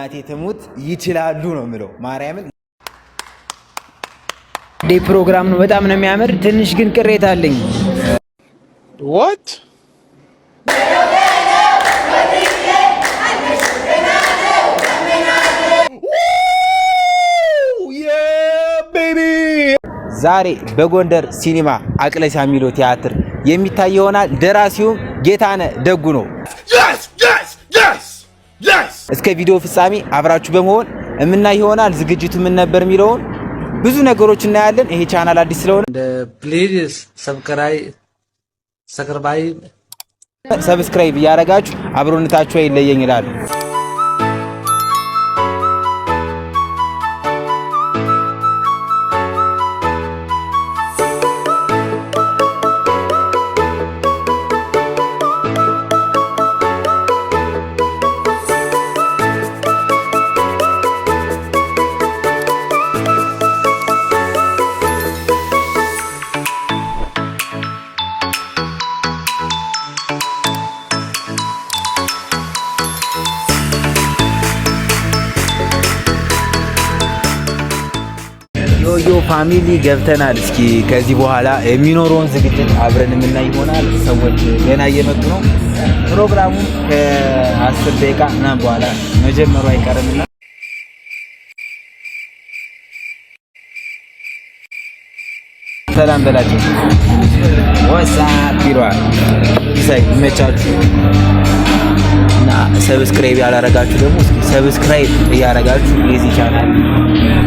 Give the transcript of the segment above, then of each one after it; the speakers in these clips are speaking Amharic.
እናቴ ትሙት ይችላሉ ነው የምለው። ማርያምን ዴ ፕሮግራም ነው፣ በጣም ነው የሚያምር። ትንሽ ግን ቅሬታ አለኝ። ወት ዛሬ በጎንደር ሲኒማ አቅለሳ የሚለው ቲያትር የሚታይ ይሆናል። ደራሲውም ጌታነ ደጉ ነው። እስከ ቪዲዮ ፍጻሜ አብራችሁ በመሆን እምና ይሆናል። ዝግጅቱ ምን ነበር የሚለውን ብዙ ነገሮች እናያለን። ይሄ ቻናል አዲስ ስለሆነ ፕሊዝ ሰብስክራይብ እያደረጋችሁ አብሮነታችሁ አይለየኝ ይላሉ። ዮዮ ፋሚሊ ገብተናል። እስኪ ከዚህ በኋላ የሚኖረውን ዝግጅት አብረን የምናይ ይሆናል። ሰዎች ገና እየመጡ ነው። ፕሮግራሙ ከአስር ደቂቃ ምናምን በኋላ መጀመሩ አይቀርምና ሰላም በላቸው። ወሳ ቢሯ ይሳይ ይመቻችሁ። እና ሰብስክራይብ ያላረጋችሁ ደግሞ ሰብስክራይብ እያረጋችሁ የዚህ ቻናል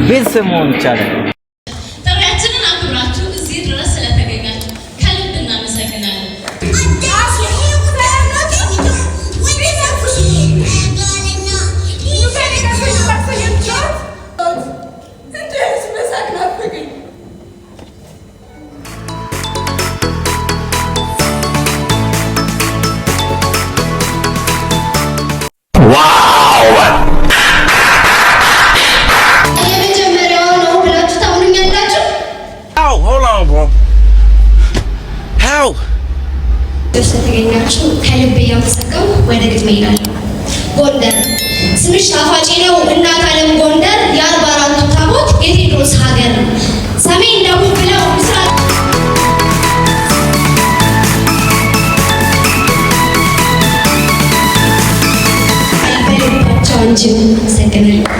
ቤተሰብ መሆን ይቻላል። ነው። ስለተገኛችሁ ከልብ እያመሰገንኩ ወደ ግጥሜ እሄዳለሁ። ጎንደር ስምሽ ጣፋጭ ነው እናት ዓለም ጎንደር የአርባ አራቱ ታቦት የቴዎድሮስ ሀገር ሰሜን ደቡብ ብለው ምስራቅ በልባቸው አንቺን አመሰግናለሁ።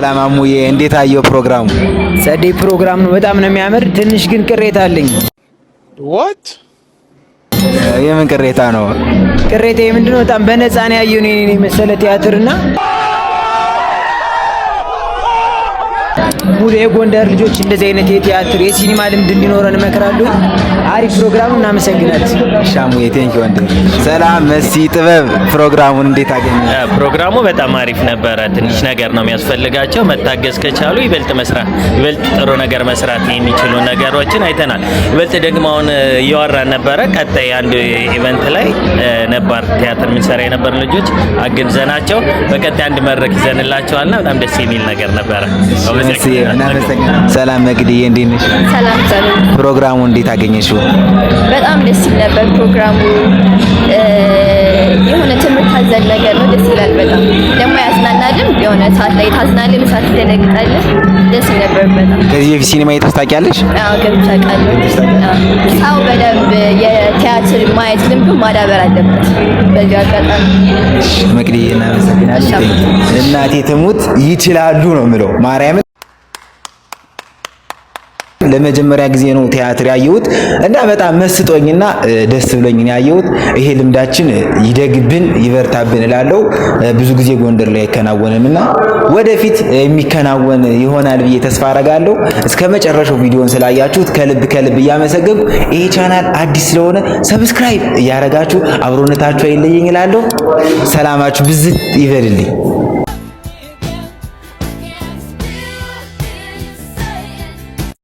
ሰላም አሙዬ፣ እንዴት አየው ፕሮግራሙ? ጸዴ ፕሮግራም ነው፣ በጣም ነው የሚያምር። ትንሽ ግን ቅሬታ አለኝ። ዋት? የምን ቅሬታ ነው? ቅሬታ የምንድነው? በጣም በነፃ ነው ያየው እኔ መሰለ ቲያትርና ሙሉ የጎንደር ልጆች እንደዚህ አይነት የቲያትር የሲኒማ ልምድ እንዲኖረን እመክራለሁ። አሪፍ ፕሮግራም፣ እናመሰግናለን። ሻሙ ቴንክ ወንድ ሰላም መሲ ጥበብ፣ ፕሮግራሙን እንዴት አገኘ? ፕሮግራሙ በጣም አሪፍ ነበረ። ትንሽ ነገር ነው የሚያስፈልጋቸው። መታገዝ ከቻሉ ይበልጥ መስራት ይበልጥ ጥሩ ነገር መስራት የሚችሉ ነገሮችን አይተናል። ይበልጥ ደግሞ አሁን እያወራን ነበረ። ቀጣይ አንድ ኢቨንት ላይ ነባር ቲያትር የምንሰራ የነበር ልጆች አግንዘናቸው በቀጣይ አንድ መድረክ ይዘንላቸዋልና በጣም ደስ የሚል ነገር ነበረ። ሰላም መግድዬ፣ እንዴት ነሽ? ሰላም ፕሮግራሙ እንዴት አገኘሽው? በጣም ደስ ይል ነበር ፕሮግራሙ። የሆነ ትምህርት አዘል ነገር ነው፣ ደስ ይላል በጣም ደግሞ ያዝናናልም። የሆነ ሰዓት ላይ ታዝናለህ፣ ሰዓት ትደነግጣለህ። ደስ ይል ነበር በጣም። ከዚህ በፊት ሲኒማ አይተሽ ታውቂያለሽ? አዎ ገብቼ አውቃለሁ። ሰው በደንብ የቲያትር ማየት ልምዱ ማዳበር አለበት። በዚህ አጋጣሚ መግድዬ እናመሰግናለን። እናቴ ትሙት ይችላሉ ነው የምለው ማርያምን ለመጀመሪያ ጊዜ ነው ቲያትር ያየሁት እና በጣም መስጦኝና ደስ ብሎኝ ነው ያየሁት። ይሄ ልምዳችን ይደግብን ይበርታብን እላለሁ። ብዙ ጊዜ ጎንደር ላይ አይከናወንም እና ወደፊት የሚከናወን ይሆናል ብዬ ተስፋ አረጋለሁ። እስከ መጨረሻው ቪዲዮን ስላያችሁት ከልብ ከልብ እያመሰገንኩ ይሄ ቻናል አዲስ ስለሆነ ሰብስክራይብ እያረጋችሁ አብሮነታችሁ አይለየኝ እላለሁ። ሰላማችሁ ብዝት ይበልልኝ።